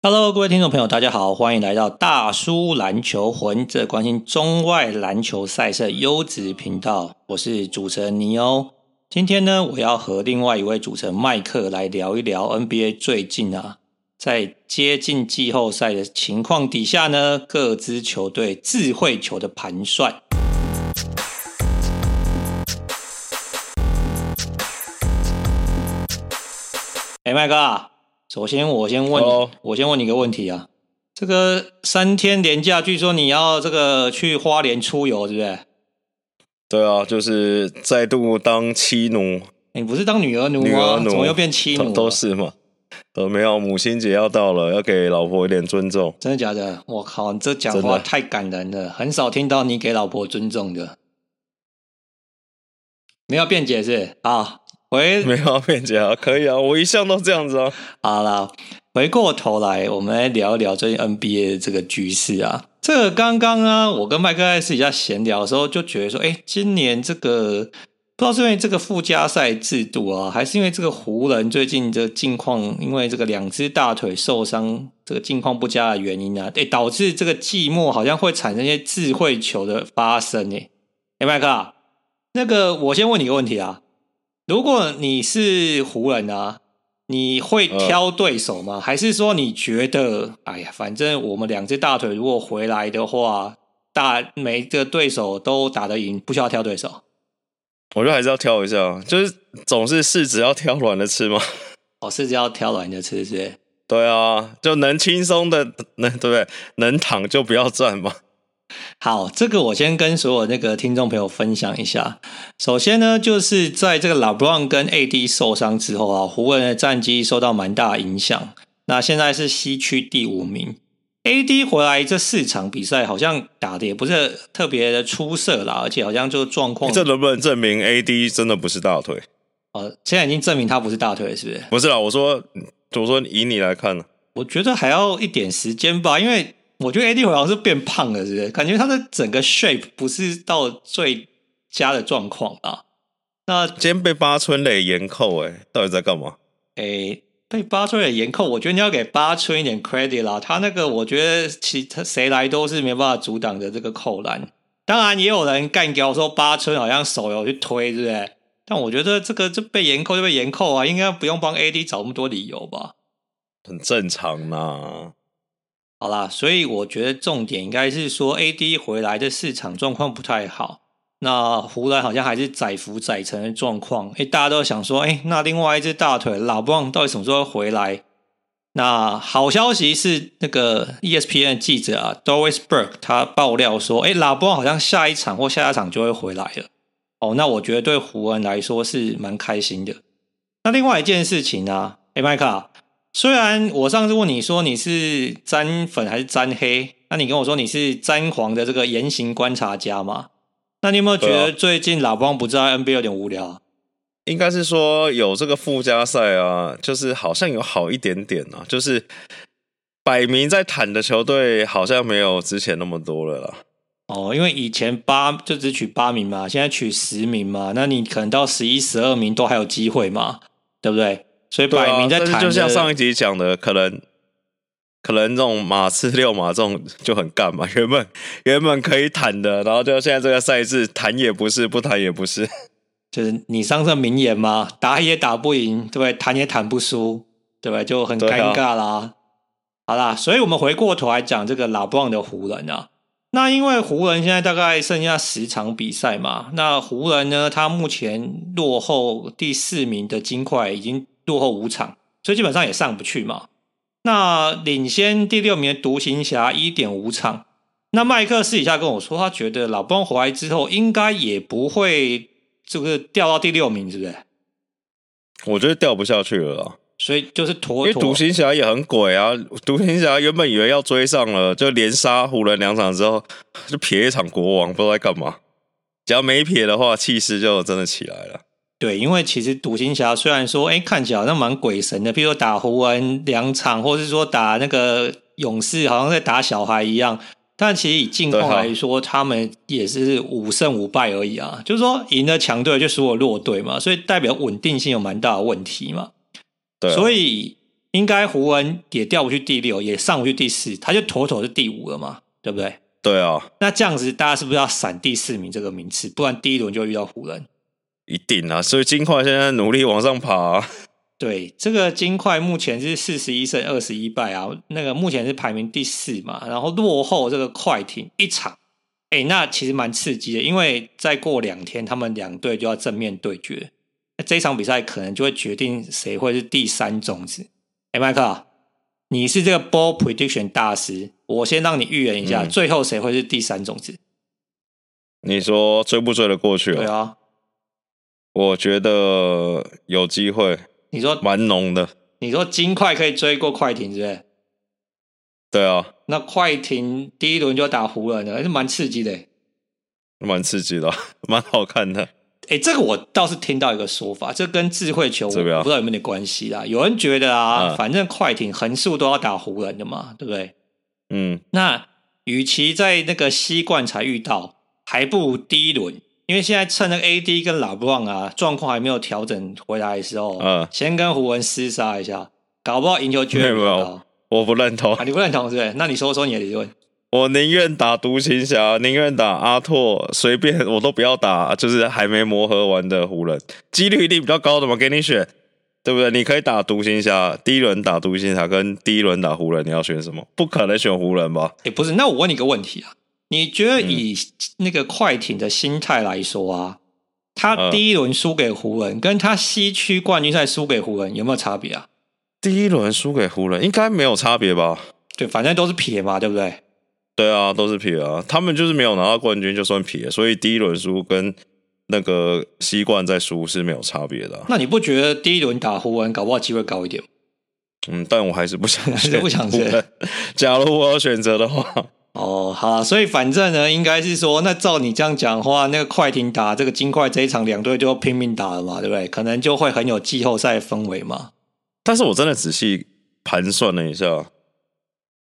Hello，各位聽眾朋友，大家好，歡迎來到大叔籃球魂，這關心中外籃球賽事優質頻道。我是主持人尼歐，今天呢，我要和另外一位主持人麥克來聊一聊 NBA 最近啊，在接近季後賽的情況底下呢，各支球隊智慧球的盤算。哎， 欸、麥哥、啊。首先，我先問，Hello? 我先問你一個問題啊。這個三天連假，據說你要這個去花蓮出遊，是不是？對啊，就是再度當妻奴。你、欸、不是當女兒奴啊？女兒奴怎麼又變妻奴都？都是嘛。呃，沒有，母親節要到了，要給老婆一點尊重。真的假的？我靠，你這講話太感人了，很少聽到你給老婆尊重的。沒有辯解是，是啊？喂，沒畫面前啊，可以啊，我一向都這樣子哦、啊。好啦，回過頭來，我們來聊一聊最近 NBA 的這個局勢啊。這個剛剛啊，我跟麥克在私下閒聊的時候就覺得說，哎、欸，今年這個不知道是因為這個附加賽制度啊，還是因為這個湖人最近的近況，因為這個兩隻大腿受傷，這個近況不佳的原因啊，哎、欸，導致這個季末好像會產生一些智慧球的發生誒、欸。哎、欸，麥克、啊，那個我先問你一個問題啊。如果你是湖人啊，你會挑對手嗎、呃？還是說你覺得，哎呀，反正我們兩隻大腿如果回來的話，打每個對手都打得贏，不需要挑對手？我覺得還是要挑一下，就是總是柿子要挑軟的吃嗎？哦，柿子要挑軟的吃是不是？對啊，就能輕鬆的，能，對不對？能躺就不要站嘛。好，這個我先跟所有那個聽眾朋友分享一下。首先呢，就是在這個 LeBron 跟 AD 受傷之後啊，湖人戰績受到蠻大的影響。那現在是西區第五名。AD 回來這四場比賽好像打得也不是特別的出色啦，而且好像就狀況。這能不能證明 AD 真的不是大腿？呃，現在已經證明他不是大腿，是不是？不是啊，我說，我說以你來看呢？我覺得還要一點時間吧，因為。我覺得 AD 好像是變胖了，是不是？感覺他的整個 shape 不是到最佳的狀況啊。那今天被八村壘顏扣、欸，哎，到底在幹嘛？哎、欸，被八村壘顏扣，我覺得你要給八村一點 credit 啦。他那個，我覺得其他誰來都是沒辦法阻擋的這個扣籃。當然也有人幹譙說八村好像手有去推，是不是？但我覺得這個這被顏扣就被顏扣啊，應該不用幫 AD 找那麼多理由吧？很正常啦。好啦，所以我覺得重點應該是說，AD 回來的市場狀況不太好。那湖人好像還是載浮載沉的狀況。哎，大家都想說，哎，那另外一隻大腿老布旺到底什麼時候會回來？那好消息是，那個 ESPN 記者啊 ，Doris Burke 他爆料說，哎，老布旺好像下一場或下下場就會回來了。哦，那我覺得對湖人來說是蠻開心的。那另外一件事情呢、啊？哎，麥克。雖然我上次問你說，你是詹粉還是詹黑，那你跟我說你是詹皇的這個言行觀察家嘛？那你有沒有覺得最近老詹不在 NBA 有點無聊？啊、應該是說有這個附加賽啊，就是好像有好一點點啊，就是擺明在坦的球隊好像沒有之前那麼多了啦。哦，因為以前八就只取八名嘛，現在取十名嘛，那你可能到十一、十二名都還有機會嘛，對不對？所以擺明在、啊、就像上一集講的，可能可能這種馬刺溜馬這種就很幹嘛。原本原本可以談的，然後就現在這個賽制談也不是，不談也不是，就是你上次的名言嘛，打也打不贏，對不對？談也談不輸，對不對？就很尷尬啦、啊。好啦，所以我們回過頭來講這個老布朗的湖人啊。那因為湖人現在大概剩下十場比賽嘛，那湖人呢，他目前落後第四名的金塊已經。落後五場，所以基本上也上不去嘛。那領先第六名的獨行俠一點五場。那麥克私底下跟我說，他覺得老布朗回來之後應該也不會就是掉到第六名，是不是？我覺得掉不下去了啦。所以就是妥。因為獨行俠也很鬼啊，獨行俠原本以為要追上了，就連殺湖人兩場之後，就撇一場國王，不知道在幹嘛。只要沒撇的話，氣勢就真的起來了。對，因為其實獨行俠雖然說，哎，看起來那蠻鬼神的，譬如說打湖人兩場，或是說打那個勇士，好像在打小孩一樣。但其實以近況來說，哦、他們也是五勝五敗而已啊。就是說，贏了強隊就輸了弱隊嘛，所以代表穩定性有蠻大的問題嘛。對、哦，所以應該湖人也掉不去第六，也上不去第四，他就妥妥是第五了嘛，對不對？對啊、哦。那這樣子，大家是不是要閃第四名這個名次？不然第一輪就會遇到湖人。一定啊！所以金塊現在努力往上爬，啊。對，這個金塊目前是四十一勝二十一敗啊，那個目前是排名第四嘛，然後落後這個快艇一場。哎，欸，那其實蠻刺激的，因為再過兩天他們兩隊就要正面對決，那這一場比賽可能就會決定誰會是第三種子。哎，麥克，你是這個 ball prediction 大師，我先讓你預言一下，嗯，最後誰會是第三種子？你說追不追得過去啊？對啊。我覺得有機會。你說蠻濃的。你說金塊可以追過快艇，是不是？對啊。那快艇第一輪就要打湖人了，還是蠻刺激的。蠻刺激的、啊，蠻好看的。哎、欸，這個我倒是聽到一個說法，這跟智慧球不知道有沒有關係啦。啊、有人覺得啊，嗯、反正快艇橫豎都要打湖人的嘛，對不對？嗯。那與其在那個西冠才遇到，還不如第一輪。因為現在趁那 AD 跟 LeBron 啊狀況還沒有調整回來的時候，嗯、呃，先跟湖人廝殺一下，搞不好贏就幾率很高。沒有，我不認同、啊、你不認同是不是？那你說說你的理論。我寧願打獨行俠，寧願打阿拓，隨便我都不要打，就是還沒磨合完的湖人，幾率一定比較高的嘛。給你選，對不對？你可以打獨行俠，第一輪打獨行俠，跟第一輪打湖人，你要選什麼？不可能選湖人吧？哎，不是，那我問你一個問題啊。你覺得以那個快艇的心態來說啊，他第一輪輸給湖人，跟他西區冠軍賽輸給湖人有沒有差別啊？第一輪輸給湖人應該沒有差別吧？對，反正都是撇嘛，對不對？對啊，都是撇啊，他們就是沒有拿到冠軍就算撇，所以第一輪輸跟那個西冠再輸是沒有差別的啊。那你不覺得第一輪打湖人，搞不好機會高一點？嗯，但我還是不想選，不想選。假如我要選擇的話。哦，好，所以反正呢，應該是說，那照你這樣講的話，那個快艇打這個金塊這一場，兩隊就拼命打了嘛，對不對？可能就會很有季後賽氛圍嘛。但是我真的仔細盤算了一下，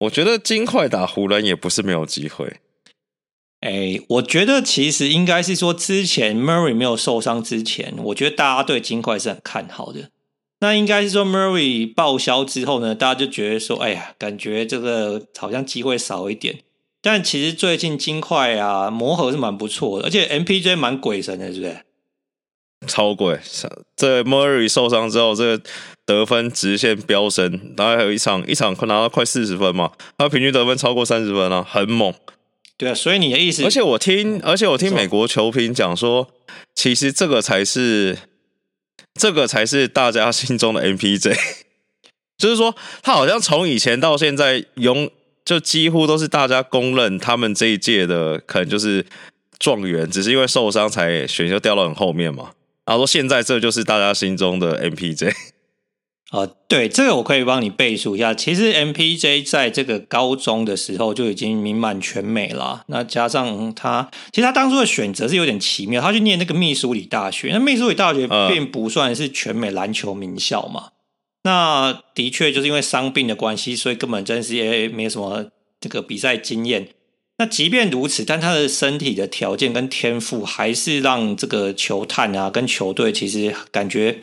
我覺得金塊打湖人也不是沒有機會。哎、欸，我覺得其實應該是說，之前 Murray 沒有受傷之前，我覺得大家對金塊是很看好的。那應該是說 Murray 報銷之後呢，大家就覺得說，哎、欸、呀，感覺這個好像機會少一點。但其實最近金塊啊，磨合是蠻不錯的，而且 MPJ 蠻鬼神的，是不是？超鬼！這個 Murray 受傷之後，這個得分直線飆升，然後還有一場，一場拿到快四十分嘛，他平均得分超過三十分了、啊，很猛。對啊，所以你的意思，而且我聽、嗯，而且我聽美國球評講說，其實這個才是，這個才是大家心中的 MPJ，就是說他好像從以前到現在永。就幾乎都是大家公認，他們這一屆的可能就是狀元，只是因為受傷才選秀掉到很後面嘛。然後說現在這就是大家心中的 MPJ 啊、呃，對，這個我可以幫你背書一下。其實 MPJ 在這個高中的時候就已經名滿全美了。那加上他，其實他當初的選擇是有點奇妙，他去念那個密蘇里大學。那密蘇里大學並不算是全美籃球名校嘛。呃那的確就是因為傷病的關係，所以根本真是哎、欸欸、沒什麼這個比賽經驗。那即便如此，但他的身體的條件跟天賦還是讓這個球探啊跟球隊其實感覺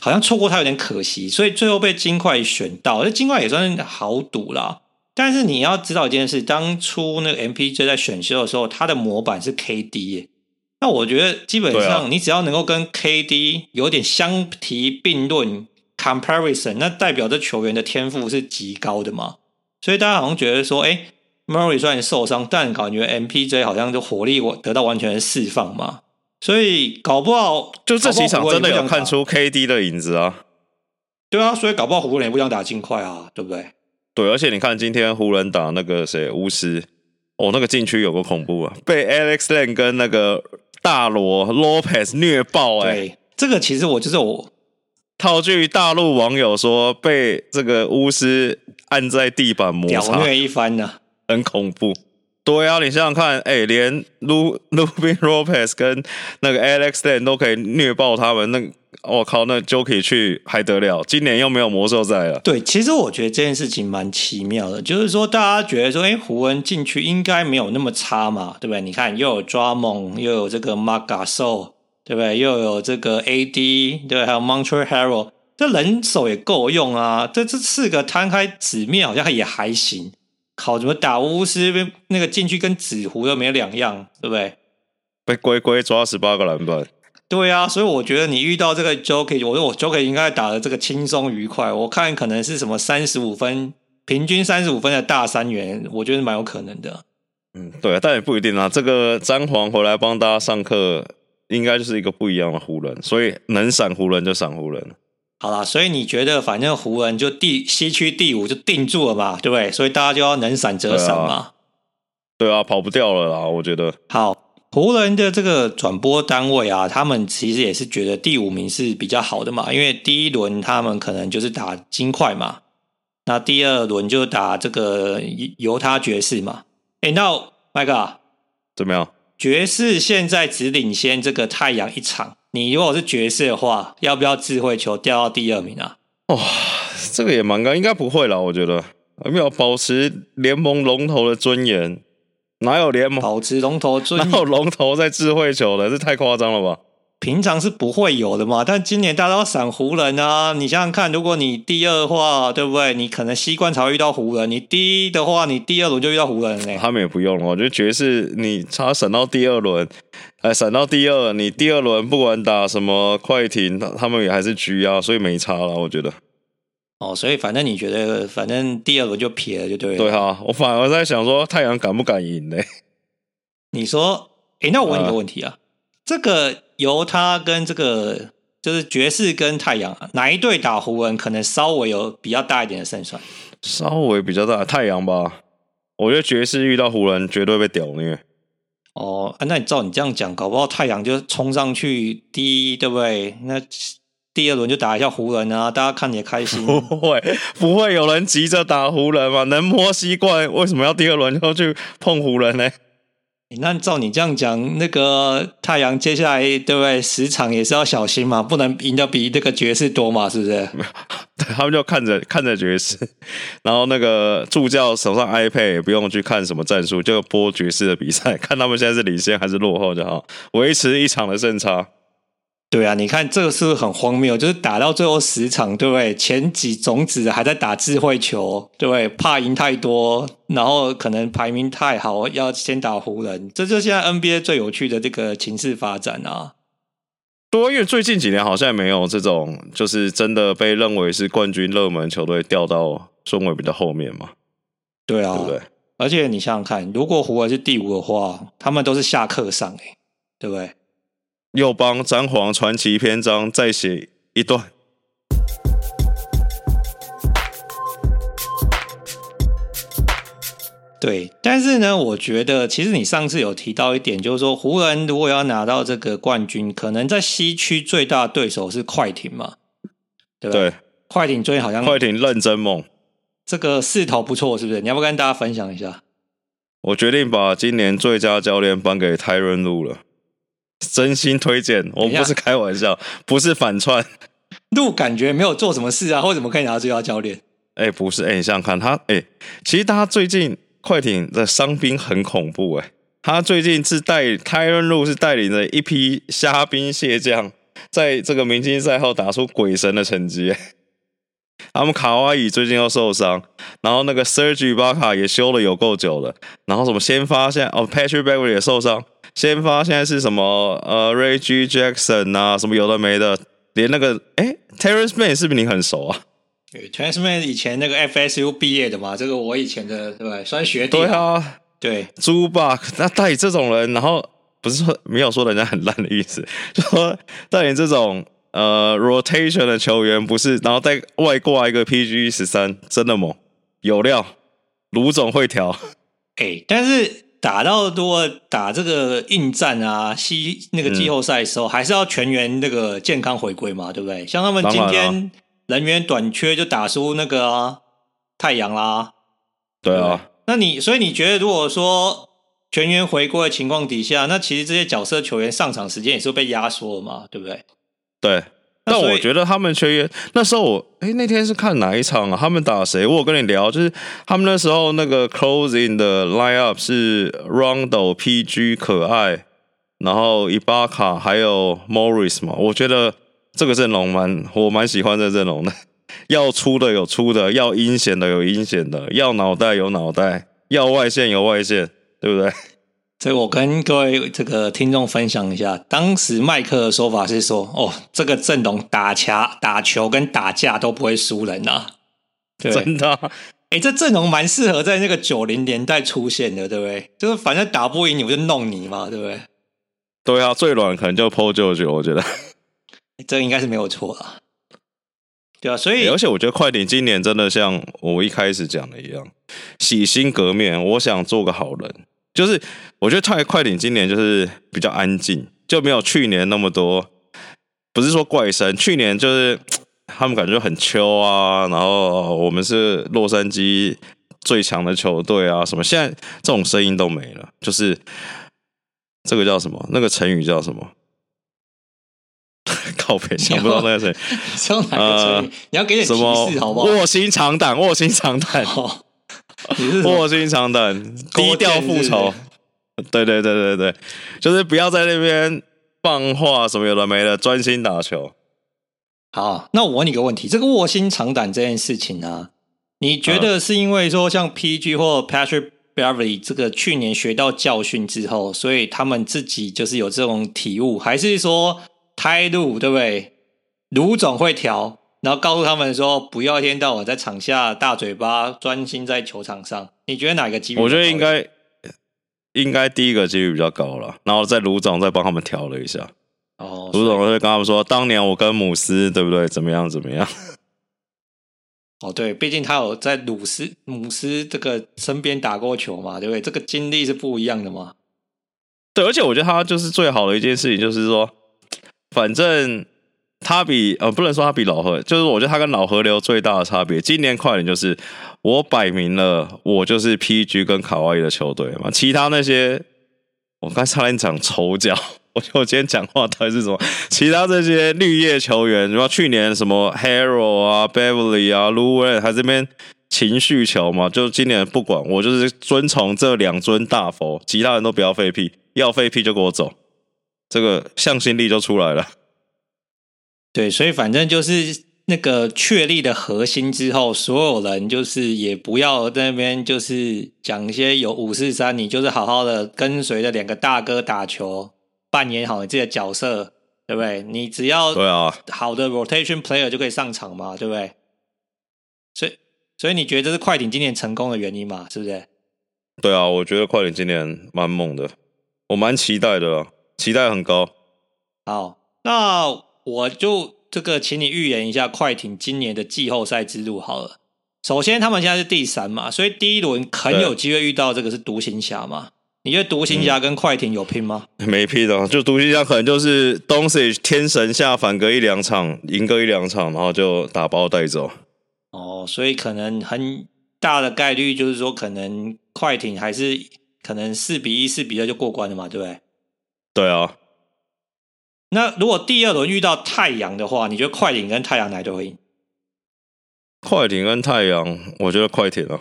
好像錯過他有點可惜。所以最後被金塊選到，這金塊也算是豪賭啦。但是你要知道一件事，當初那個 MPJ 在選秀的時候，他的模板是 KD、欸。那我覺得基本上你只要能夠跟 KD 有點相提並論。comparison 那代表這球員的天賦是極高的嘛？所以大家好像覺得說，哎、欸、，Murray 雖然受傷，但感覺 MPJ 好像就火力我得到完全釋放嘛？所以搞不好就這幾場真的有看出 KD 的影子啊？對啊，所以搞不好湖人也不想打金塊啊，對不對？對，而且你看今天湖人打那個誰巫師哦，那個禁區有個恐怖啊，被 Alex Len 跟那個大羅 Lopez 虐爆哎、欸！這個其實我就是我。套句大陸網友說：“被這個巫師按在地板摩擦虐一番呢、啊，很恐怖。對啊，你想想看，哎、欸，連 Lu Robin Lopez 跟那個 Alex Len 都可以虐爆他們，那我靠，那 Jokic 去還得了？今年又沒有魔獸在了。對，其實我覺得這件事情蠻奇妙的，就是說大家覺得說，哎、欸，湖人進去應該沒有那麼差嘛，對不對？你看，又有抓猛，又有這個 Marc Gasol。”對不對？又有這個 AD，對不對？還有 Montrezl Harrell。這人手也夠用啊。這這四個攤開紙面好像也還行。靠，怎麼打巫師那個進去跟紙糊又沒兩樣，對不對？被龜龜抓十八個籃板。對啊，所以我覺得你遇到這個 Joker，我覺得我 Joker 應該打得這個輕鬆愉快。我看可能是什麼三十五分，平均三十五分的大三元，我覺得蠻有可能的。嗯，對啊，但也不一定啊。這個詹皇回來幫大家上課。應該就是一個不一樣的湖人，所以能閃湖人就閃湖人。好啦，所以你覺得反正湖人就第西區第五就定住了嘛，對不對？所以大家就要能閃則閃嘛。對啊。對啊，跑不掉了啦，我覺得。好，湖人的這個轉播單位啊，他們其實也是覺得第五名是比較好的嘛，因為第一輪他們可能就是打金塊嘛，那第二輪就打這個猶他爵士嘛。哎、欸，那麥克啊，怎麼樣？爵士現在只領先這個太陽一場，你如果是爵士的話，要不要智慧球掉到第二名啊？哇、哦，這個也蠻高，應該不會啦，我覺得有沒有保持聯盟龍頭的尊嚴，哪有聯盟保持龍頭尊嚴？哪有龍頭在智慧球的？這太誇張了吧？平常是不會有的嘛，但今年大家要閃湖人啊！你想想看，如果你第二的話，對不對？你可能西冠才會遇到湖人，你第一的話，你第二輪就遇到湖人嘞。他們也不用我，我覺得爵士，你差閃到第二輪，哎、欸，閃到第二，你第二輪不管打什麼快艇，他他們也還是 G 啊，所以沒差了，我覺得。哦，所以反正你覺得，反正第二輪就撇了，就對。對哈、啊，我反而在想說，太陽敢不敢贏嘞？你說，哎、欸，那我問你個問題啊，呃、這個。由他跟這個就是爵士跟太陽，哪一隊打湖人可能稍微有比較大一點的勝算？稍微比較大，太陽吧。我覺得爵士遇到湖人絕對被屌虐。哦，啊，那你照你這樣講，搞不好太陽就衝上去第一，對不對？那第二輪就打一下湖人啊，大家看也開心。不會，不會有人急着打湖人嘛？能摸西冠，為什麼要第二輪就去碰湖人呢？那照你這樣講，那個太陽接下來對不對？十場也是要小心嘛，不能贏得比這個爵士多嘛，是不是？他們就看着看着爵士，然後那個助教手上 iPad 也不用去看什麼戰術，就播爵士的比賽，看他們現在是領先還是落後就好，維持一場的勝差。對啊，你看這個是不是很荒謬？就是打到最後十場，對不對？前幾種子還在打智慧球，對不對？怕贏太多，然後可能排名太好，要先打湖人。這就是現在 NBA 最有趣的這個情勢發展啊！多因為最近幾年好像沒有這種，就是真的被認為是冠軍熱門球隊掉到順位比較後面嘛。對啊，對不對？而且你想想看，如果湖人是第五的話，他們都是下課上、欸、對不對？又幫詹皇傳奇篇章再寫一段。對，但是呢，我覺得其實你上次有提到一點，就是說湖人如果要拿到這個冠軍，可能在西區最大對手是快艇嘛，對不對？快艇最近好像快艇認真猛，這個勢頭不錯，是不是？你要不跟大家分享一下？我決定把今年最佳教練頒給泰倫盧了。真心推薦，我不是開玩笑，不是反串。路感覺沒有做什麼事啊，為什麼可以拿到最佳教練？哎，不是，哎，你想想看，他哎，其實他最近快艇的傷兵很恐怖，哎，他最近是帶，泰倫路是帶領着一批蝦兵蟹將，在這個明星賽後打出鬼神的成績，哎。他們卡哇伊最近又受傷，然後那個 Serge Ibaka 也修了有夠久了，然後什麼先發現哦 Patrick Beverley 也受傷，先發現是什麼呃 Reggie Jackson 啊，什麼有的沒的，連那個誒 Terrence Mann 是不是你很熟啊？Terrence Mann 以前那個 FSU 畢業的嘛，這個我以前的對吧，算學弟。對啊，對 Zubac 那帶這種人，然後不是說沒有說人家很爛的意思，說，就說帶你這種。呃，rotation 的球員不是，然後再外掛一個 PG 十三，真的猛，有料，盧總會調。哎、欸，但是打到如果打這個硬仗啊，西那個季後賽的時候、嗯，還是要全員那個健康回歸嘛，對不對？像他們今天人員短缺就打輸那個、啊、太陽啦，對啊。對那你所以你覺得，如果說全員回歸的情況底下，那其實這些角色球員上場時間也是被壓縮了嘛，對不對？對，但我覺得他們缺約，那時候我誒、欸，那天是看哪一場啊？他們打誰？我跟你聊，就是他們那時候那個 closing 的 lineup 是 Rondo、PG 可愛，然後伊巴卡還有 Morris 嘛。我覺得這個陣容蠻我蠻喜歡這陣容的，要粗的有粗的，要陰險的有陰險的，要腦袋有腦袋，要外線有外線，對不對？所以我跟各位這個聽眾分享一下，當時麥克的說法是說：“哦，這個陣容打球、打球跟打架都不會輸人啊，真的、啊。”哎，這陣容蠻適合在那個九零年代出現的，對不對？就是反正打不贏你，我就弄你嘛，對不對？對啊，最軟可能就 Paul George，我覺得， 這應該是沒有錯啊。對啊，所以、欸、而且我覺得快艇今年真的像我一開始講的一樣，洗心革面，我想做個好人。就是我覺得太快艇今年就是比較安靜，就沒有去年那麼多，不是說怪聲。去年就是他們感覺很秋啊，然後我們是洛杉磯最強的球隊啊，什麼現在這種聲音都沒了。就是這個叫什麼？那個成語叫什麼？ 告別？想不到那個成語你哪一、呃、你要給點提示好不好？臥薪嘗膽，臥薪嘗膽。臥薪嘗膽，低調復仇是是。對對對對對，就是不要在那邊放話什麼有的沒的，專心打球。好，那我問你個問題，這個臥薪嘗膽這件事情啊，你覺得是因為說像 PG 或 Patrick Beverly 這個去年學到教訓之後，所以他們自己就是有這種體悟，還是說態度，對不對？盧總會調。然後告訴他們說，不要一天到晚在場下大嘴巴，專心在球場上。你覺得哪個機率？我覺得應該應該第一個機率比較高了。然後在盧總再幫他們調了一下。哦，盧總會跟他們說，當年我跟姆斯對不對？怎麼樣怎麼樣？哦，對，畢竟他有在魯斯姆斯這個身邊打過球嘛，對不對？這個經歷是不一樣的嘛。對，而且我覺得他就是最好的一件事情，就是說，反正。他比呃，不能說他比老何，就是我覺得他跟老河流最大的差別，今年快艇就是我擺明了，我就是 PG 跟卡哇伊的球隊嘛。其他那些，我剛才差點講丑角，我覺得我今天講話到底是什麼？其他這些綠葉球員，什麼去年什麼 Harrell 啊、Beverly 啊、Lou Will 他這邊情緒球嘛，就今年不管我，就是遵從這兩尊大佛，其他人都不要廢屁，要廢屁就給我走，這個向心力就出來了。對，所以反正就是那個確立的核心之後，所有人就是也不要在那邊就是講一些有五四三，你就是好好的跟隨着兩個大哥打球，扮演好你自己的角色，對不對？你只要對啊，好的 rotation player 就可以上場嘛，對不對？所以所以你覺得這是快艇今年成功的原因嘛？是不是？對啊，我覺得快艇今年蠻猛的，我蠻期待的、啊、期待很高。好，那。我就這個，請你預言一下快艇今年的季後賽之路好了。首先，他們現在是第三嘛，所以第一輪很有機會遇到這個是獨行俠嘛？你覺得獨行俠跟快艇有拼嗎？嗯、沒拼的、啊，就獨行俠可能就是東契天神下凡隔一兩場，贏個一兩場，然後就打包帶走。哦，所以可能很大的概率就是說，可能快艇還是可能四比一、四比二就過關了嘛，對不對？對啊。那如果第二輪遇到太陽的話，你覺得快艇跟太陽哪隊會贏？快艇跟太陽，我覺得快艇啊。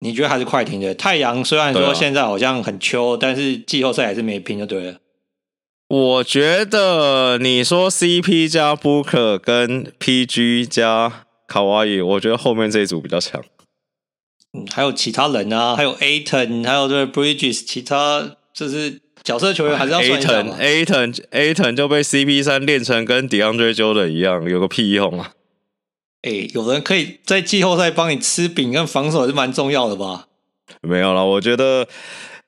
你覺得還是快艇對太陽？雖然說現在好像很秋，啊、但是季後賽還是沒拼就對了。我覺得你說 CP 加 Booker 跟 PG 加卡哇伊，我覺得後面這一組比較強。嗯，還有其他人啊，還有 Ayton，還有這 Bridges，其他就是。角色球員還是要算 Ayton Ayton 就被 CP3 練成跟 DeAndre Jordan 一樣，有個屁用啊！哎、欸，有人可以在季後賽幫你吃餅，跟防守是蠻重要的吧？沒有啦，我覺得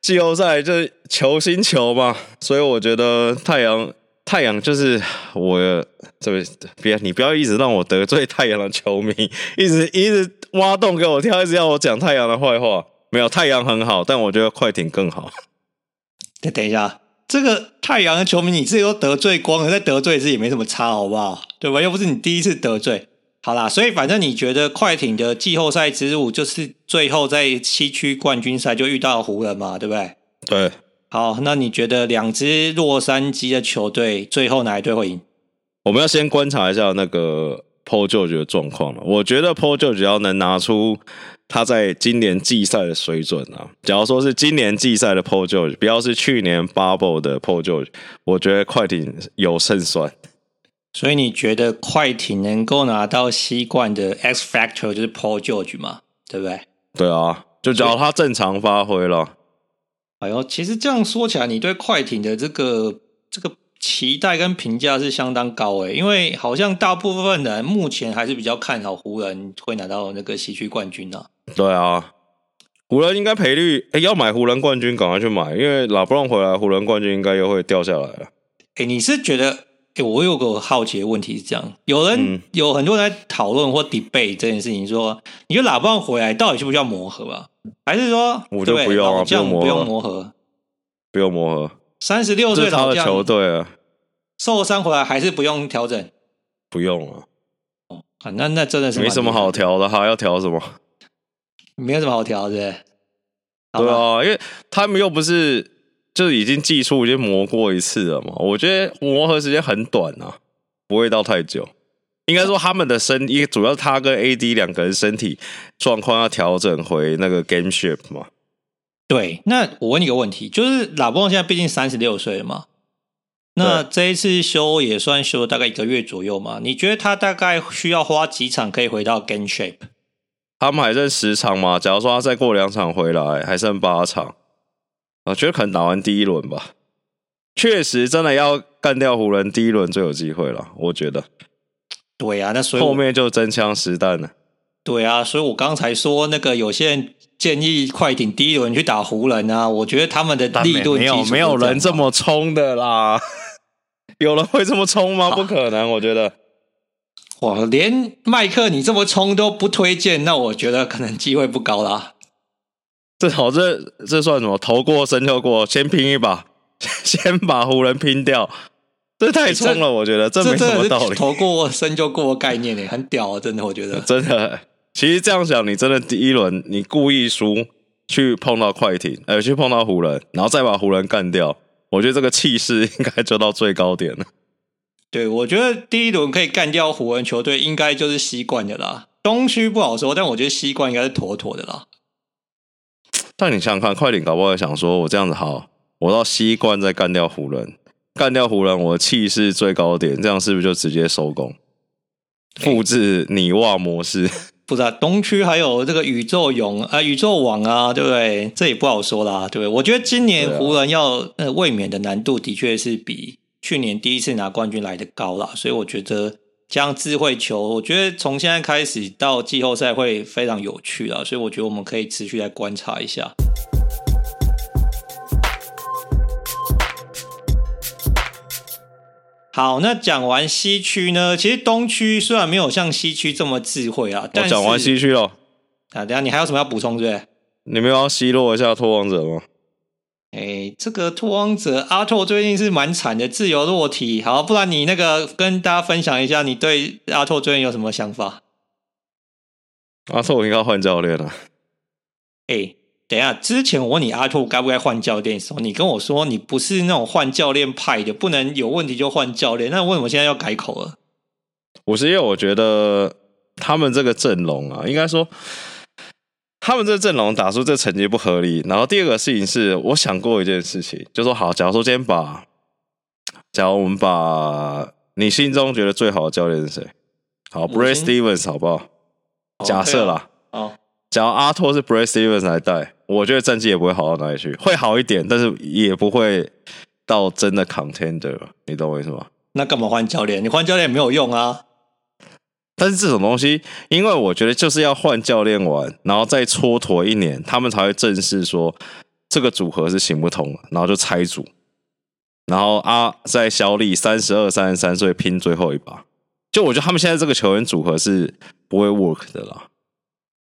季後賽就是球星球嘛，所以我覺得太陽太陽就是我的這邊別你不要一直讓我得罪太陽的球迷，一直一直挖洞給我跳，一直要我講太陽的壞話。沒有太陽很好，但我覺得快艇更好。等一下，這個太陽的球迷你自己都得罪光了，再得罪自己也沒什麼差，好不好？對吧？又不是你第一次得罪。好啦，所以反正你覺得快艇的季後賽之路就是最後在西區冠軍賽就遇到湖人嘛，對不對？對。好，那你覺得兩支洛杉磯的球隊最後哪一隊會贏？我們要先觀察一下那個 Paul George 的狀況了。我覺得 Paul George 只要能拿出。他在今年季賽的水準啊，假如說是今年季賽的 Paul George，不要是去年 Bubble 的 Paul George，我覺得快艇有勝算。所以你覺得快艇能夠拿到西冠的 X Factor 就是 Paul George 嘛，對不對？對啊，就只要他正常發揮了。哎呦，其實這樣說起來，你對快艇的這個這個。期待跟評價是相當高誒、欸，因為好像大部分人目前還是比較看好湖人會拿到那個西區冠軍呢、啊。對啊，湖人應該賠率、欸、要買湖人冠軍趕快去買，因為拉布朗回來，湖人冠軍應該又會掉下來了。誒、欸，你是覺得誒、欸，我有個好奇的問題是這樣，有人、嗯、有很多人在討論或 debate 這件事情，說，你覺得拉布朗回來到底需不需要磨合啊？還是說我就不用不、啊、不用磨合？不用磨合。三十六歲老的球隊啊，受傷回來還是不用調整，、啊、整？不用啊。哦，那那真的是沒什麼好調的，還要調什麼？沒有什麼好調的。對啊，因為他們又不是就是已經技術已經磨過一次了嘛。我覺得磨合時間很短啊，不會到太久。應該說他們的身體， 主要是他跟 AD 兩個人身體狀況要調整回那個 game shape 嘛。對，那我問你個問題，就是雷霸龍現在畢竟三十六歲了嘛，那這一次休也算休了大概一個月左右嘛？你覺得他大概需要花幾場可以回到 game shape？他們還剩十場嘛？假如說他再過兩場回來，還剩八場，我覺得可能打完第一輪吧。確實，真的要幹掉湖人，第一輪最有機會了，我覺得。對啊，那所以後面就真槍實彈了。對啊，所以我剛才說那個有些人建議快艇第一輪去打湖人啊，我覺得他們的力度沒有沒有，沒有人這麼衝的啦， 有人會這麼衝嗎？不可能，我覺得，哇，連麥克你這麼衝都不推薦，那我覺得可能機會不高啦。這好、哦，這這算什麼？頭過身就過，先拼一把，先把湖人拼掉，這太衝了。欸，我覺得這沒什麼道理。這是頭過身就過的概念嘞，很屌，啊，真的，我覺得真的。其實這樣想，你真的第一輪你故意輸去碰到快艇，哎、欸，去碰到湖人，然後再把湖人幹掉，我覺得這個氣勢應該就到最高點了。對，我覺得第一輪可以幹掉湖人球隊，應該就是西冠的啦。東區不好說，但我覺得西冠應該是妥妥的啦。但你想想看，快艇搞不好想說我這樣子好，我到西冠再幹掉湖人，幹掉湖人我的氣勢最高點，這樣是不是就直接收工，複製泥瓦模式？不是啊，東區還有這個宇宙勇啊、呃，宇宙網啊，對不對？對？這也不好說啦，對不對？我覺得今年湖人要、啊、呃衛冕的難度的確是比去年第一次拿冠軍來的高啦。所以我覺得將智慧球，我覺得從現在開始到季後賽會非常有趣啦。所以我覺得我們可以持續來觀察一下。好，那講完西區呢，其實東區雖然沒有像西區這麼智慧啊，但是我講完西區了啊，等下你還有什麼要補充是不是？對不對？你沒有要奚落一下拓荒者嗎？哎、欸，這個拓荒者阿拓最近是蠻慘的，自由落體。好，不然你那個跟大家分享一下，你對阿拓最近有什麼想法？阿拓，我應該要換教練了。哎、欸。等一下，之前我問你阿兔該不該換教練的時候，你跟我說你不是那種換教練派的，不能有問題就換教練。那為什麼現在要改口了？我是因為我覺得他們這個陣容啊，應該說他們這陣容打出這成績不合理。然後第二個事情是，我想過一件事情，就說好，假如說今天把，假如我們把你心中覺得最好的教練是誰，好，Brad Stevens，好不好？嗯、假設啦。Okay 啊。只要阿托是 Brad Stevens 來帶，我覺得戰績也不會好到哪裡去，會好一點，但是也不會到真的 Contender。你懂我意思嗎？那幹嘛換教練？你換教練也沒有用啊。但是這種東西，因為我覺得就是要換教練玩，然後再蹉跎一年，他們才會正式說這個組合是行不通的，然後就拆組。然後阿、啊、在小李三十二、三十三歲拼最後一把。就我覺得他們現在這個球員組合是不會 work 的啦。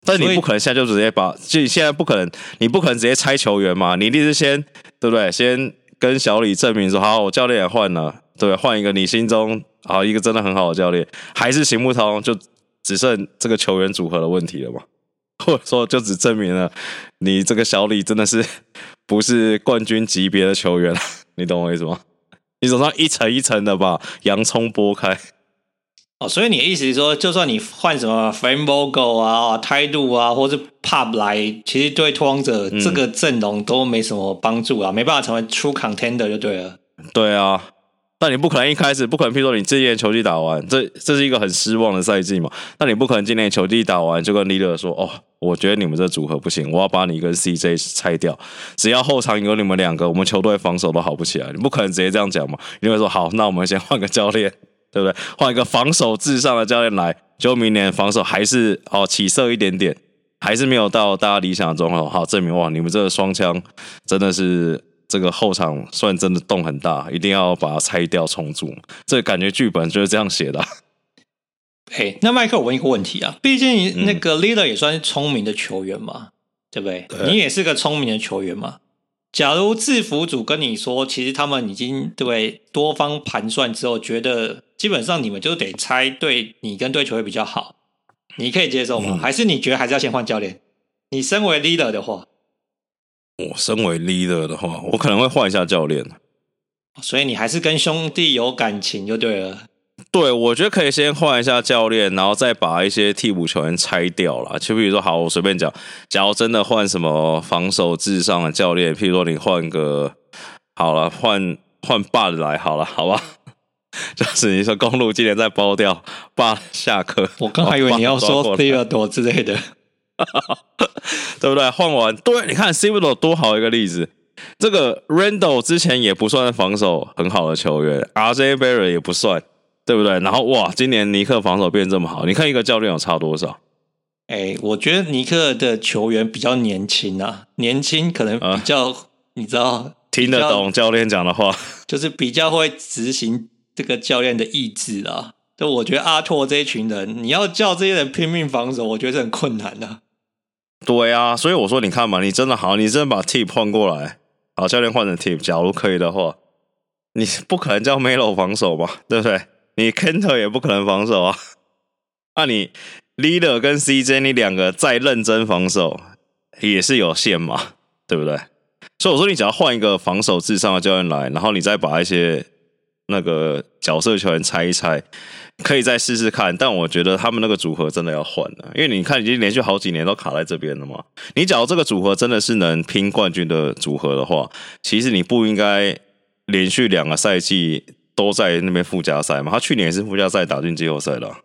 但你不可能現在就直接把，就你現在不可能，你不可能直接拆球員嘛，你一定是先，對不對？先跟小李證明說，好，我教練也換了，對，換一個你心中啊一個真的很好的教練，還是行不通，就只剩這個球員組合的問題了嘛？或者說，就只證明了你這個小李真的是不是冠軍級別的球員，你懂我意思嗎？你總算一層一層的把洋蔥剝開。哦，所以你的意思是說，就算你換什麼 f a n b o g o 啊、態度啊，或是 p u b 來，其實對突光者這個陣容都沒什麼幫助啊、嗯，沒辦法成為出 Contender 就對了。對啊，但你不可能一開始不可能，譬如說你今年球季打完，這這是一個很失望的賽季嘛？那你不可能今年球季打完就跟 e 樂說：“哦，我覺得你們這組合不行，我要把你跟 CJ 拆掉。只要後場有你們兩個，我們球隊防守都好不起來。”你不可能直接這樣講嘛？你會說：“好，那我們先換個教練。”對不對？換一個防守至上的教練來，就明年防守還是哦起色一點點，還是沒有到大家理想中哦。好，證明哇，你們這個雙槍真的是這個後場算真的洞很大，一定要把它拆掉重組。這個、感覺劇本就是這樣寫的、啊。嘿、欸，那麥克，我問一個問題啊，畢竟那個 Lillard 也算是聰明的球員嘛，對不對？嗯、你也是個聰明的球員嘛。假如制服組跟你說，其實他們已經對不對？多方盤算之後，覺得。基本上你們就得拆，對你跟隊球會比較好，你可以接受嗎？嗯、還是你覺得還是要先換教練？你身為 leader 的話，我、哦、身為 leader 的話，我可能會換一下教練。所以你還是跟兄弟有感情就對了。對，我覺得可以先換一下教練，然後再把一些替補球員拆掉了。就比如說，好，我隨便講，假如真的換什麼防守至上的教練，譬如說你換個，好了，換換 Bud 來好了，好吧？就是你說公路今年在包掉，巴下課。我剛還以為、哦、你要說 Thibodeau 之類的， 對不對？換完對，你看 Thibodeau 多好一個例子。這個 Randle 之前也不算防守很好的球員，RJ Barrett 也不算，對不對？然後哇，今年尼克防守變這麼好，你看一個教練有差多少？哎、欸，我覺得尼克的球員比較年輕啊，年輕可能比較、啊、你知道比較聽得懂教練講的話，就是比較會執行。這個教練的意志了、啊，就我覺得阿拓這一群人，你要叫這些人拼命防守，我覺得是很困難的、啊。對啊，所以我說，你看嘛，你真的好，你真的把 Tip 換過來，好，教練換成 Tip，假如可以的話，你不可能叫 Melo 防守吧，對不對？你 Kanter 也不可能防守啊，那你 Lillard 跟 CJ 你兩個再認真防守也是有限嘛，對不對？所以我說，你只要換一個防守至上的教練來，然後你再把一些。那個角色球員猜一猜，可以再試試看。但我覺得他們那個組合真的要換了，因為你看已經連續好幾年都卡在這邊了嘛。你假如這個組合真的是能拼冠軍的組合的話，其實你不應該連續兩個賽季都在那邊附加賽嘛。他去年是附加賽打進季後賽的啊。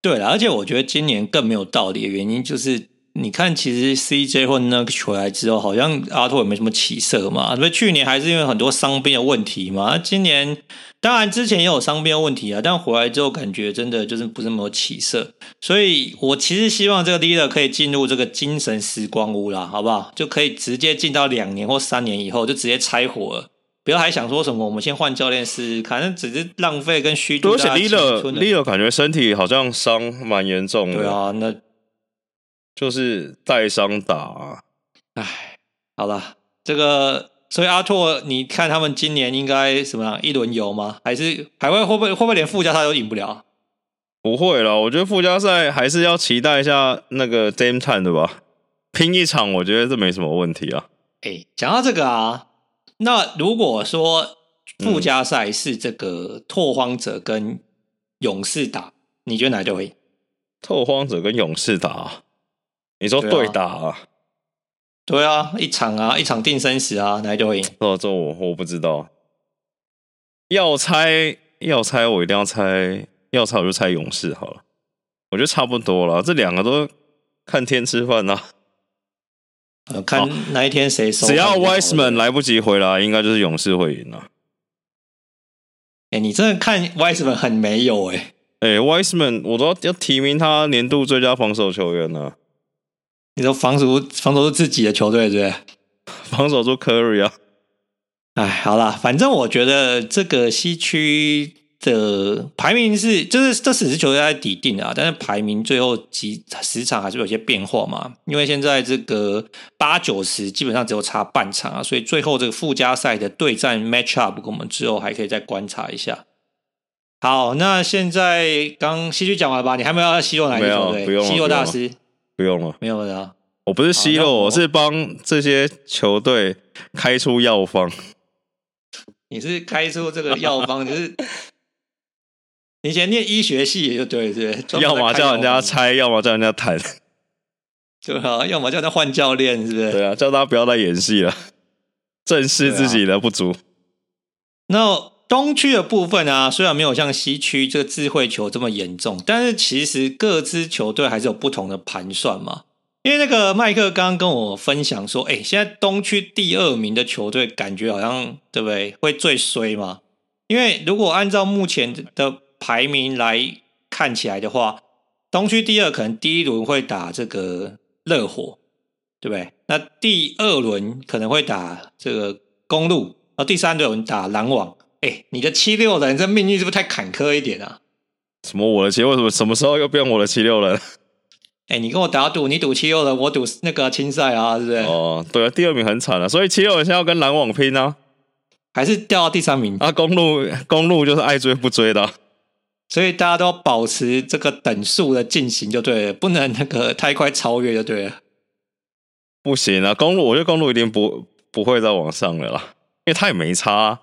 對了，而且我覺得今年更沒有道理的原因就是。你看，其實 CJ 或 n 那個回來之後，好像阿拓也沒什麼起色嘛。因為去年還是因為很多傷病的問題嘛。今年當然之前也有傷病的問題啊，但回來之後感覺真的就是不是沒有起色。所以我其實希望這個 Lillard 可以進入這個精神時光屋啦，好不好？就可以直接進到兩年或三年以後，就直接拆夥，不要還想說什麼，我們先換教練試試看，那只是浪費跟虛度。而且 Lillard Lillard 感覺身體好像傷蠻嚴重的。對啊，那。就是帶傷打啊！哎，好了，這個所以阿拓，你看他們今年應該什麼一輪遊嗎？還是還會會不會會不會連附加賽都贏不了？不會了，我覺得附加賽還是要期待一下那個 Dame Time 對吧，拼一場，我覺得這沒什麼問題啊、欸。哎，講到這個啊，那如果說附加賽是這個拓荒者跟勇士打，嗯、你覺得哪隊會？拓荒者跟勇士打、啊？你說對打啊？對啊，一場啊，一場定生死啊，哪隊會贏、啊？這我我不知道。要猜要猜，我一定要猜，要猜我就猜勇士好了。我覺得差不多了，這兩個都看天吃飯吶、啊。呃，看哪一天誰輸。只要 Wiseman 來不及回來，應該就是勇士會贏了。哎、欸，你真的看 Wiseman 很沒有哎、欸。哎，Wiseman，我都要要提名他年度最佳防守球員了、啊。你說防守，防守是自己的球隊對不對？防守住 Curry 啊！哎，好啦，反正我覺得這個西區的排名是，就是這四支球隊在底定的啊。但是排名最後幾十場還是有些變化嘛，因為現在這個八九十基本上只有差半場啊，所以最後這個附加賽的對戰 match up，我們之後還可以再觀察一下。好，那現在剛，剛西區講完吧？你還沒有到西諾哪，沒有，西諾大師。不用了，沒有的、啊。我不是奚落、啊，我是幫這些球隊開出藥方。你是開出這個藥方，就 是你先念醫學系，就對對。要麼叫人家拆，要麼叫人家談，對啊，要麼叫他換教練，是不是？對啊，叫他不要再演戲了，正視自己的不足。啊、那。東區的部分啊，雖然沒有像西區這個智慧球這麼嚴重，但是其實各支球隊還是有不同的盤算嘛。因為那個麥克剛剛跟我分享說，哎，現在東區第二名的球隊感覺好像對不對會最衰嘛？因為如果按照目前的排名來看起來的話，東區第二可能第一輪會打這個熱火，對不對？那第二輪可能會打這個公鹿，然後第三輪打籃網。哎、欸，你的七六人，這命運是不是太坎坷一點啊？什麼我的7，為什麼什麼時候又變我的七六人？哎、欸，你跟我打賭，你賭七六人，我賭那個青賽啊，是不是？哦，對啊，第二名很慘了、啊，所以七六人現在要跟籃網拼啊，還是掉到第三名啊？公鹿公鹿就是愛追不追的、啊，所以大家都保持這個等速的進行就對了，不能那個太快超越就對了，不行啊！公鹿，我覺得公鹿一定不不會再往上了啦，因為它也沒差、啊。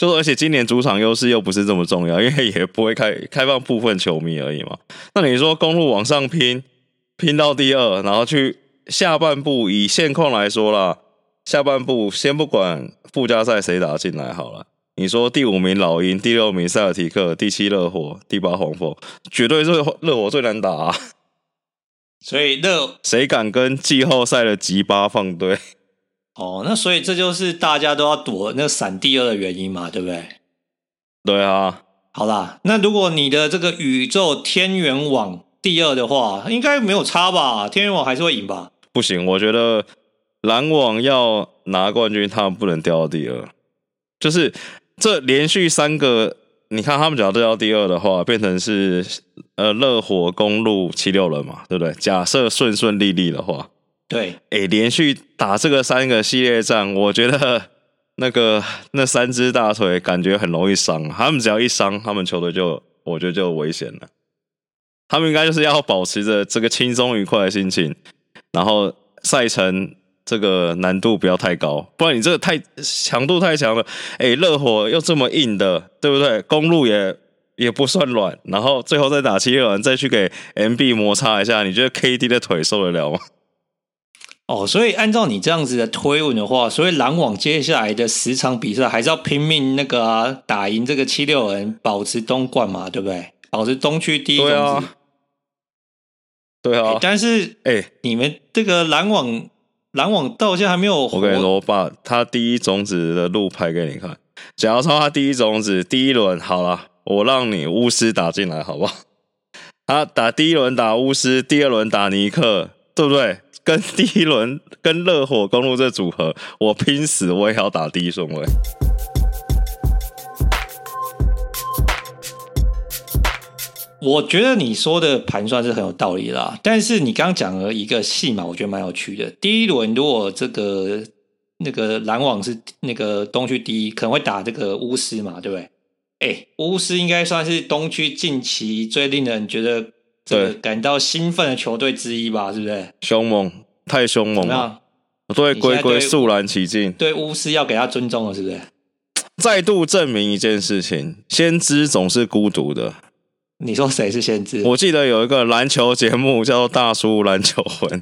就是，而且今年主場優勢又不是這麼重要，因為也不會開開放部分球迷而已嘛。那你說公鹿往上拼，拼到第二，然後去下半部，以現況來說啦，下半部先不管附加賽誰打進來好了。你說第五名老鷹，第六名塞爾提克，第七熱火，第八黃蜂，絕對是熱火最難打啊。所以熱，誰敢跟季後賽的吉巴放對？哦、oh, 那所以這就是大家都要躲那個閃第二的原因嘛，對不對？對啊，好啦，那如果你的這個宇宙天元網第二的話，應該沒有差吧？天元網還是會贏吧？不行，我覺得籃網要拿冠軍，他們不能掉到第二。就是這連續三個，你看他們只要掉到第二的話，變成是呃熱火公鹿七六人嘛，對不對？假設順順利利的話。對，誒、欸，連續打這個三個系列戰，我覺得那個那三隻大腿感覺很容易傷。他們只要一傷，他們球隊就我覺得就危險了。他們應該就是要保持着這個輕鬆愉快的心情，然後賽程這個難度不要太高，不然你這個太強度太強了。誒、欸，熱火又這麼硬的，對不對？公鹿也也不算軟，然後最後再打七六人，再去給 M B 摩擦一下，你覺得 K D 的腿受得了嗎？哦，所以按照你這樣子的推論的話，所以籃網接下來的十場比賽還是要拼命那個、啊、打贏這個七六人，保持東冠嘛，對不對？保持東區第一。對啊。對啊。欸、但是，哎、欸，你們這個籃網，籃網到現在還沒有紅。我跟你說，我把他第一種子的路拍給你看。假如說他第一種子第一輪好了，我讓你巫師打進來，好不好？他、啊、打第一輪打巫師，第二輪打尼克。對不對？跟第一輪跟熱火公路這組合，我拼死我也要打第一順位。我覺得你說的盤算是很有道理的啦，但是你剛講了一個戲嘛，我覺得蠻有趣的。第一輪如果這個那個籃網是那個東區第一，可能會打這個巫師嘛，對不對？哎，巫師應該算是東區近期最令人覺得。對，感到興奮的球隊之一吧，是不是？兇猛，太兇猛了！對作為龜龜肅然起敬，對巫師要給他尊重了，是不是？再度證明一件事情，先知總是孤獨的。你說誰是先知？我記得有一個籃球節目叫做《大叔籃球魂》，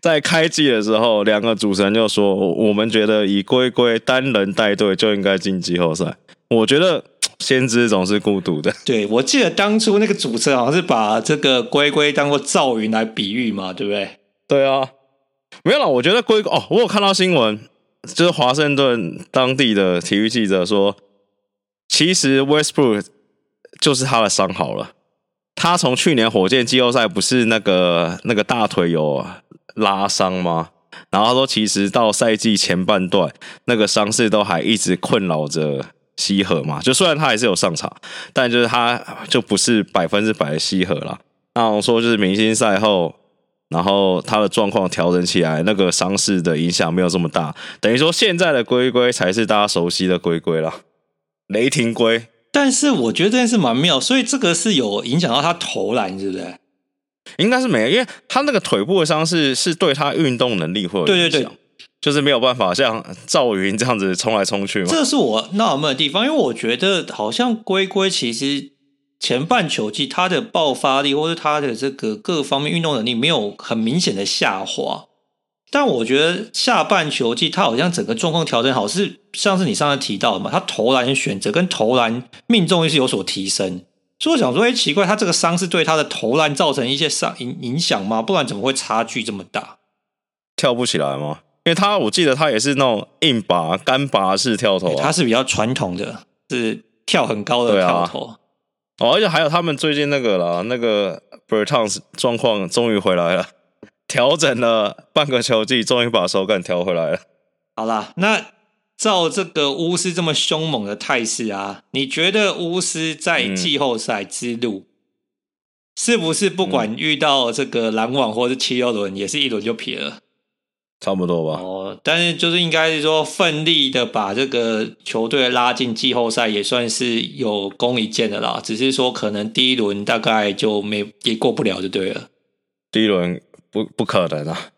在開季的時候，兩個主持人就說：“我們覺得以龜龜單人帶隊就應該進季後賽。”我覺得。先知總是孤獨的。對，我記得當初那個主持人好像是把這個龜龜當做趙雲來比喻嘛，對不對？對啊，沒有了。我覺得龜龜哦，我有看到新聞，就是華盛頓當地的體育記者說，其實 Westbrook 就是他的傷好了。他從去年火箭季後賽不是那個那個大腿有拉傷嗎？然後他說，其實到賽季前半段那個傷勢都還一直困擾着，西和嘛，就雖然他還是有上場，但就是他就不是百分之百的西和了。那我們說，就是明星賽後，然後他的狀況調整起來，那個傷勢的影響沒有這麼大。等於說現在的龜龜才是大家熟悉的龜龜了，雷霆龜。但是我覺得這件事蠻妙，所以這個是有影響到他投籃，是不是？應該是沒有，因為他那個腿部的傷勢是對他運動能力會有影響。對，對對。就是沒有辦法像趙雲這樣子衝來衝去嗎？這是我納悶的地方，因為我覺得好像龜龜其實前半球季他的爆發力或是他的這個各方面運動能力沒有很明顯的下滑，但我覺得下半球季他好像整個狀況調整好，是像是你上次提到的嘛，他投籃選擇跟投籃命中率是有所提升，所以我想說，誒、欸，奇怪，他這個傷是對他的投籃造成一些傷影影響嗎？不然怎麼會差距這麼大？跳不起來嗎？因為他我記得他也是那種硬拔、乾拔式跳投、啊欸，他是比較傳統的，是跳很高的跳投。啊、哦，而且還有他們最近那個啦，那個 Bertans 狀況終於回來了，調整了半個球季，終於把手感調回來了。好啦，那照這個巫師這麼兇猛的態勢啊，你覺得巫師在季後賽之路、嗯、是不是不管遇到這個籃網或是七六人，也是一輪就平了？差不多吧。哦，但是就是應該是說，奮力的把這個球隊拉進季後賽，也算是有功一件的啦。只是說，可能第一輪大概就沒也過不了就對了。第一輪不不可能啦。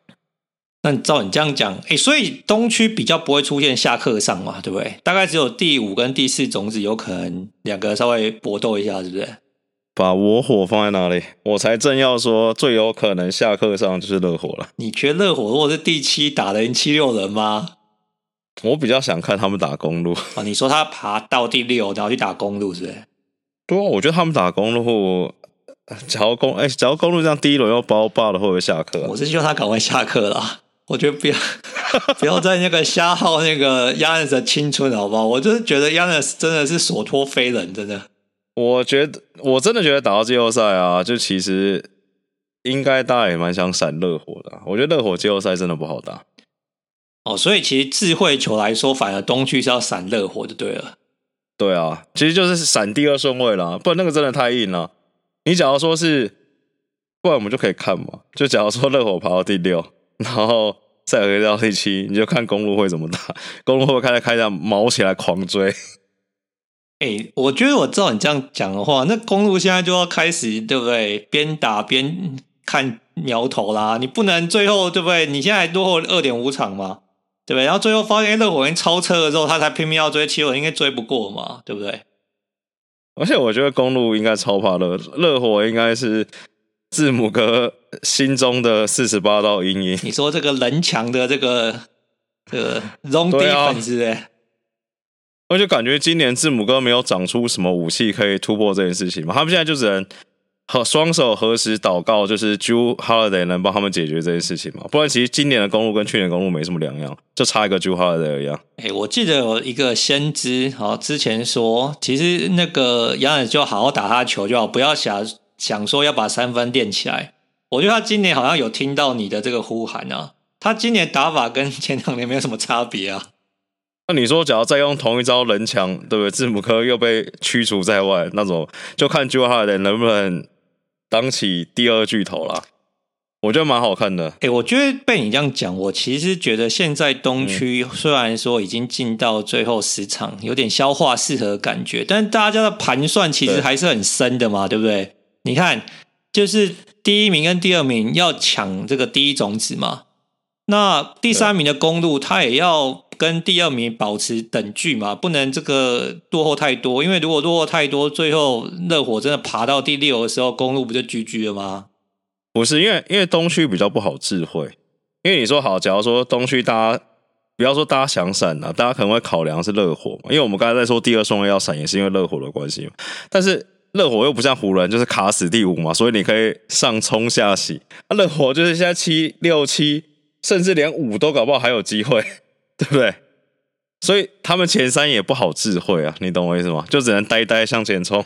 那照你這樣講，誒，所以東區比較不會出現下課上嘛，對不對？大概只有第五跟第四種子有可能兩個稍微搏鬥一下，是不是？把我火放在哪裡？我才正要說，最有可能下課上就是熱火了。你覺得熱火如果是第七打的七六人嗎？我比較想看他們打公鹿啊，你說他爬到第六，然後去打公鹿，是不是？對啊，我覺得他們打公鹿，假如公哎、欸，假如公鹿這樣第一輪又包霸了，會不會下課？啊？我是希望他趕快下課啦。我覺得不要不要 在那個瞎耗那個 Yannis 的青春，好不好？我就是覺得 Yannis 真的是所托非人，真的。我覺得我真的覺得打到季後賽啊，就其實應該大家也蠻想閃熱火的啊。我覺得熱火季後賽真的不好打。哦，所以其實智慧球來說，反而東區是要閃熱火就對了。對啊，其實就是閃第二順位啦，不然那個真的太硬了。你假如說是，不然我們就可以看嘛。就假如說熱火跑到第六，然後再回到第七，你就看公鹿會怎麼打。公鹿會不會開在開一下毛起來狂追？哎，我覺得我照你這樣講的話，那公路現在就要開始，對不對？邊打邊看苗頭啦，你不能最後，對不對？你現在落後二點五場嘛，對不對？然後最後發現，哎，熱火已經超車了之後，他才拼命要追，其實我應該追不過嘛，對不對？而且我覺得公路應該超怕了熱，熱火，應該是字母哥心中的四十八道陰影。你說這個人強的這個這個 RNG 粉絲哎。我就感覺今年字母哥沒有長出什麼武器可以突破這件事情嘛，他們現在就只能和雙手合十禱告，就是 Jrue Holiday 能幫他們解決這件事情嘛。不然其實今年的公鹿跟去年的公鹿沒什麼兩樣，就差一個 Jrue Holiday 一樣。哎，欸，我記得有一個先知哦，之前說其實那個楊也就好好打他的球就好，不要想想說要把三分練起來。我覺得他今年好像有聽到你的這個呼喊啊，他今年打法跟前兩年沒有什麼差別啊。你說，只要再用同一招人牆，對不對？字母哥又被驅逐在外，那種就看 Jrue Holiday 能不能當起第二巨頭啦。我覺得蠻好看的。誒、欸，我覺得被你這樣講，我其實覺得現在東區雖然說已經進到最後十場，嗯、有點消化適合的感覺，但大家的盤算其實還是很深的嘛對，對不對？你看，就是第一名跟第二名要搶這個第一種子嘛，那第三名的公鹿他也要，跟第二名保持等距嘛，不能這個落後太多，因為如果落後太多，最後熱火真的爬到第六的時候，公路不就 GG 了嗎？不是，因為因為東區比較不好智慧，因為你說好，假如說東區大家不要說大家想閃了，啊，大家可能會考量是熱火，嘛，因為我們剛才在說第二送 A 要閃，也是因為熱火的關係嘛。但是熱火又不像湖人，就是卡死第五嘛，所以你可以上衝下洗，啊，熱火就是現在七六七，甚至連五都搞不好還有機會。對不對？所以他們前三也不好，智慧啊，你懂我意思嗎？就只能呆呆向前衝，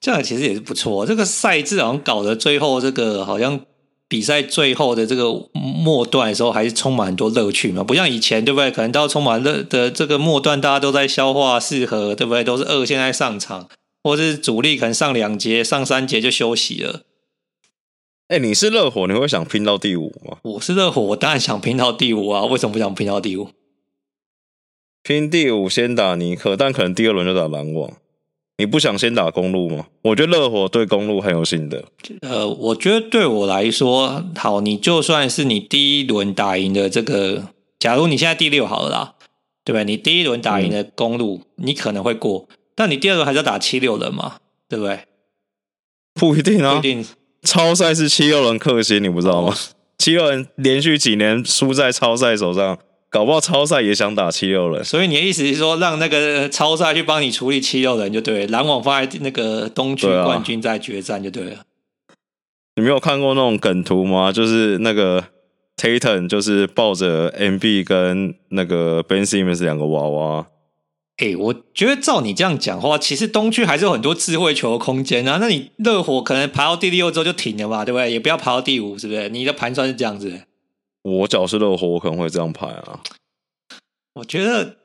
這樣其實也是不錯啊。這個賽制好像搞得最後這個好像比賽最後的這個末段的時候，還是充滿很多樂趣嘛。不像以前，對不對？可能到充滿熱的這個末段，大家都在消化適合，對不對？都是二線在上場，或是主力可能上兩節、上三節就休息了。欸，你是熱火，你會想拼到第五嗎？我是熱火，我當然想拼到第五啊！為什麼不想拼到第五？拼第五先打尼克，但可能第二輪就打籃網。你不想先打公鹿嗎？我覺得熱火對公鹿很有心得。呃，我覺得對我來說，好，你就算是你第一輪打贏的這個，假如你現在第六好了啦，對不對？你第一輪打贏的公鹿、嗯，你可能會過，但你第二輪還是要打七六人嘛，對不對？不一定啊，不一定。超賽是七六人克星，你不知道嗎？哦、七六人連續幾年輸在超賽手上。搞不好超賽也想打七六人，所以你的意思是說，讓那個超賽去幫你處理七六人就對了，籃網放在那個東區冠軍在決戰就對了對，啊。你沒有看過那種梗圖嗎？就是那個 Tayton 就是抱着 MB 跟那個 Ben Simmons 兩個娃娃。誒、欸，我覺得照你這樣講話，其實東區還是有很多智慧球的空間啊。那你熱火可能爬到第六之後就停了嘛，對不對？也不要爬到第五，是不是？你的盤算是這樣子的。我腳是熱火，我可能會這樣拍啊。我覺得，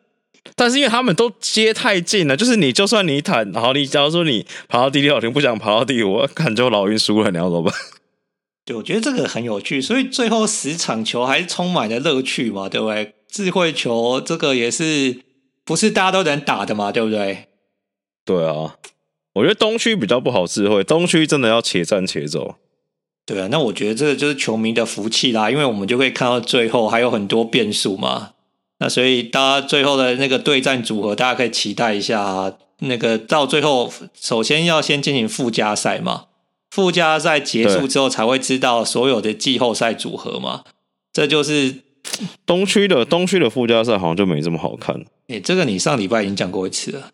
但是因為他們都接太近了，就是你就算你坦，然後你假如說你爬到第六，你不想爬到第五，我感覺我老鷹輸了，你要怎麼辦？對，我覺得這個很有趣，所以最後十場球還是充滿了樂趣嘛，對不對？智慧球這個也是，不是大家都能打的嘛，對不對？對啊，我覺得東區比較不好智慧，東區真的要且戰且走。對啊，那我覺得這個就是球迷的福氣啦，因為我們就可以看到最後還有很多變數嘛。那所以大家最後的那個對戰組合，大家可以期待一下啊。那個到最後，首先要先進行附加賽嘛，附加賽結束之後才會知道所有的季後賽組合嘛。這就是。東區的，東區的附加賽好像就沒這麼好看。哎，這個你上禮拜已經講過一次了。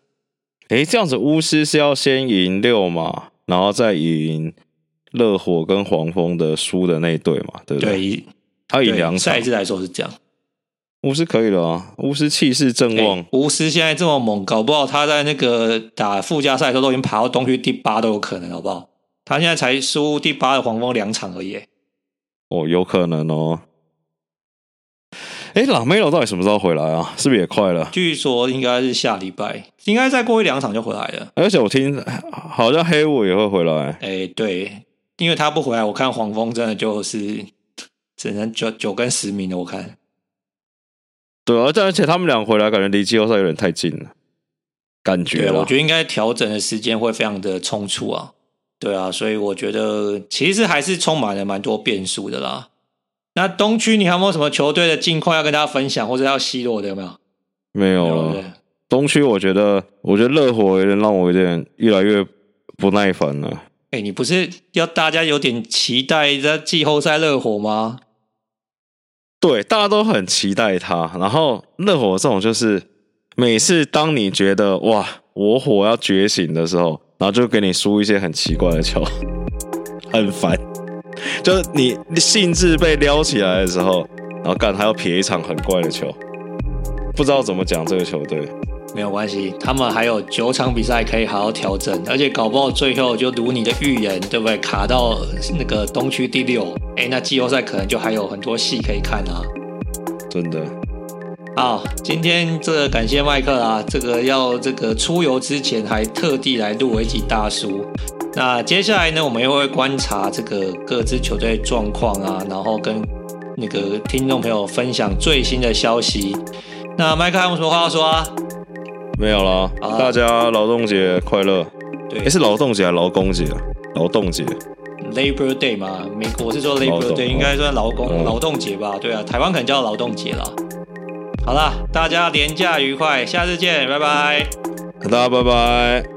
哎，這樣子巫師是要先贏六嘛，然後再贏。熱火跟黃蜂的輸的那一隊嘛，對不對？對，他以兩場賽制來說是這樣。巫師可以的啊！巫師氣勢正旺、欸。巫師現在這麼猛，搞不好他在那個打附加賽的時候都已經爬到東區第八都有可能，好不好？他現在才輸第八的黃蜂兩場而已。哦，有可能哦。哎、欸，拉梅羅到底什麼時候回來啊？是不是也快了？據說應該是下禮拜，應該再過一兩場就回來了。而且我聽好像黑巫也會回來。哎、欸，對。因為他不回來，我看黃蜂真的就是只能九九跟十名了。我看，對，啊，但而且他們倆回來感覺離季後賽有點太近了，感覺。對、啊，我覺得應該調整的時間會非常的充足啊。對啊，所以我覺得其實還是充滿了蠻多變數的啦。那東區你還有沒有什麼球隊的近況要跟大家分享，或者要奚落的有沒有？沒有了、啊。東區我覺得，我覺得熱火有點讓我有點越來越不耐煩了、啊。你不是要大家有點期待在季後賽熱火嗎？對，大家都很期待他。然後熱火這種就是，每次當你覺得哇，我火要覺醒的時候，然後就給你輸一些很奇怪的球， 很煩煩。 就是你興致被撩起來的時候，然後幹還要撇一場很怪的球，不知道怎麼講這個球隊。沒有關係，他們還有九場比賽可以好好調整，而且搞不好最後就如你的預言，對不對？卡到那個東區第六，誒，那季後賽可能就還有很多戲可以看啊！真的。好，今天這感謝麥克啊，這個要這個出遊之前還特地來錄一集大叔。那接下來呢，我們又會觀察這個各支球隊的狀況啊，然後跟那個聽眾朋友分享最新的消息。那麥克還有什麼話要說啊？沒有啦，大家勞動節快樂。對，哎、欸，是勞動節還是勞工節？勞動節。Labor Day 嘛。美國是說 Labor Day 勞應該算勞工勞、哦、勞動節吧？對啊，台灣可能叫勞動節啦。好啦，大家連假愉快，下次見，拜拜。大家拜拜。